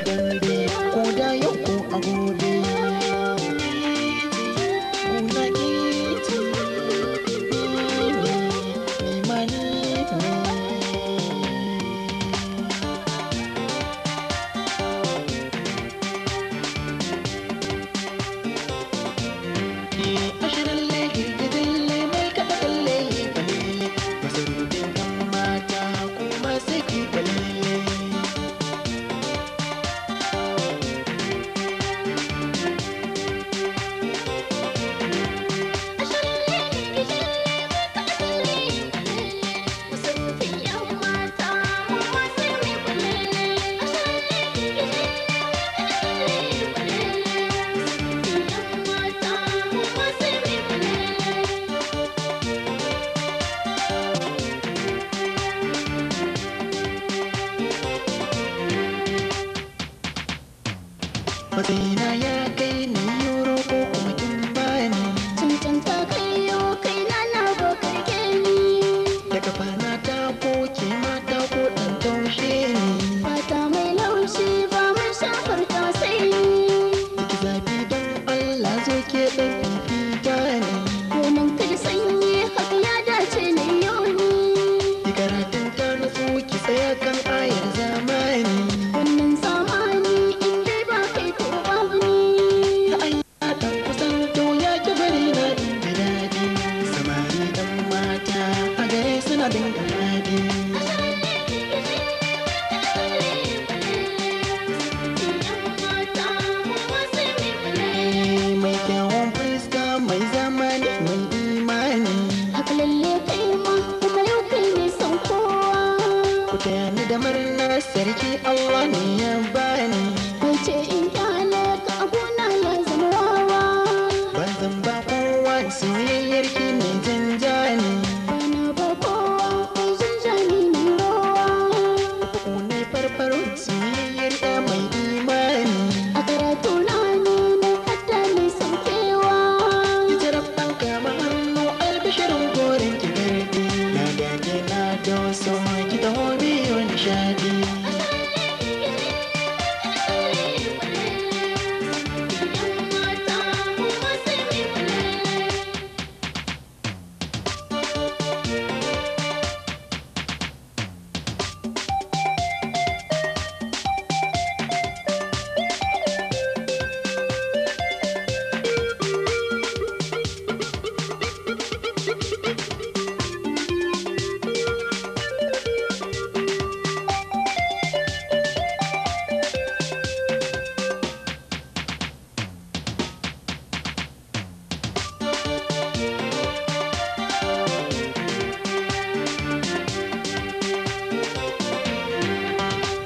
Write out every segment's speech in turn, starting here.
dun dun. Medina, yeah. ku da marna sarki Allah ne ya bani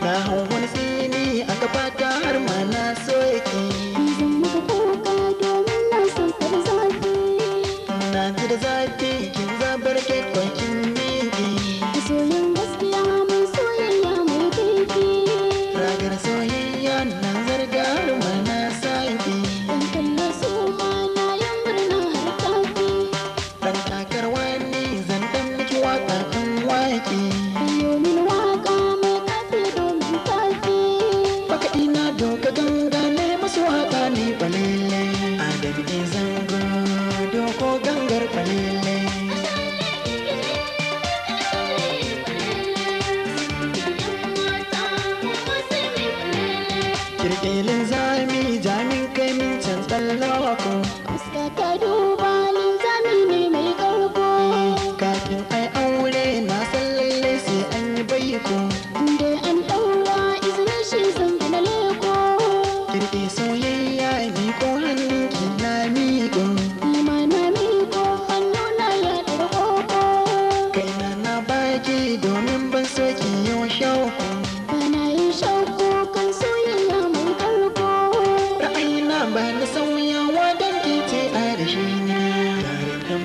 na hangon tsini a gabata har mana na so yake zan kuka domin na san da zafi na da zafi غير قليل kirkilin zami jamin kai min can tsallawa ko fuska ta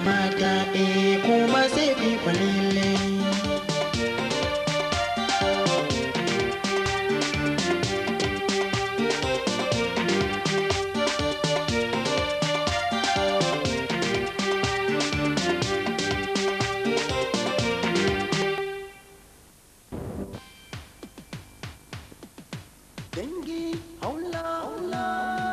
mata e kuma sai fi kwalile Dengue, hola, hola.